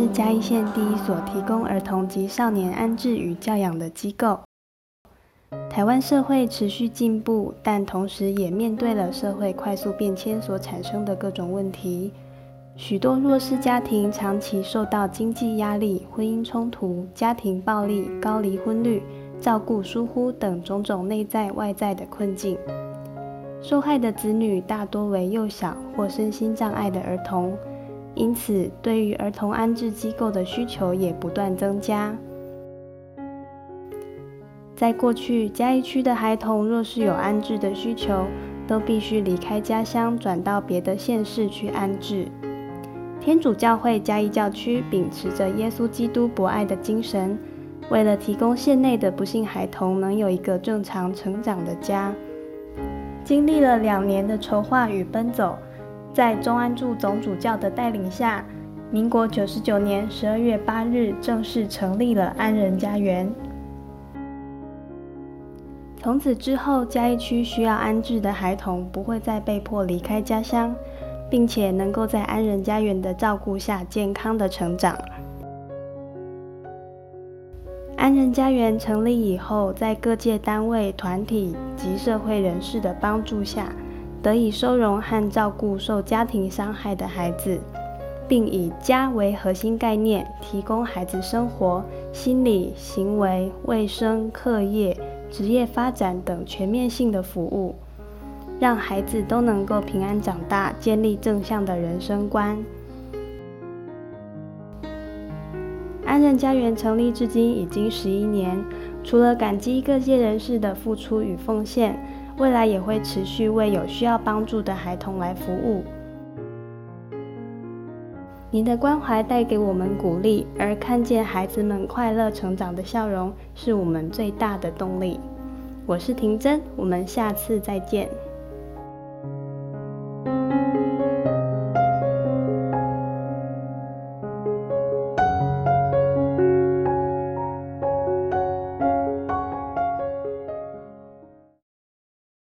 是嘉義縣第一所提供兒童及少年安置與教養的機構。台灣社會持續進步，但同時也面對了社會快速變遷所產生的各種問題。許多弱勢家庭長期受到經濟壓力、婚姻衝突、家庭暴力、高離婚率、照顧疏忽等種種內在外在的困境。受害的子女大多為幼小或身心障礙的兒童。因此，對於兒童安置機構的需求也不斷增加。在過去，嘉義區的孩童若是有安置的需求，都必須離開家鄉，轉到別的縣市去安置。天主教會嘉義教區秉持着耶穌基督博愛的精神，為了提供縣內的不幸孩童能有一個正常成長的家，經歷了兩年的籌劃與奔走。在鍾安住總主教的帶領下，民國九十九年十二月八日正式成立了安仁家園。從此之後，嘉義區需要安置的孩童不會再被迫離開家鄉，並且能夠在安仁家園的照顧下健康的成長。安仁家園成立以後，在各界單位、團體及社會人士的幫助下。得以收容和照顧受家庭傷害的孩子，並以家為核心概念，提供孩子生活、心理、行為、衛生、課業、職業發展等全面性的服務，讓孩子都能夠平安長大，建立正向的人生觀。安仁家園成立至今已經十一年，除了感激各界人士的付出與奉獻。未來也會持續為有需要幫助的孩童來服務。您的關懷帶給我們鼓勵，而看見孩子們快樂成長的笑容，是我們最大的動力。我是婷真，我們下次再見。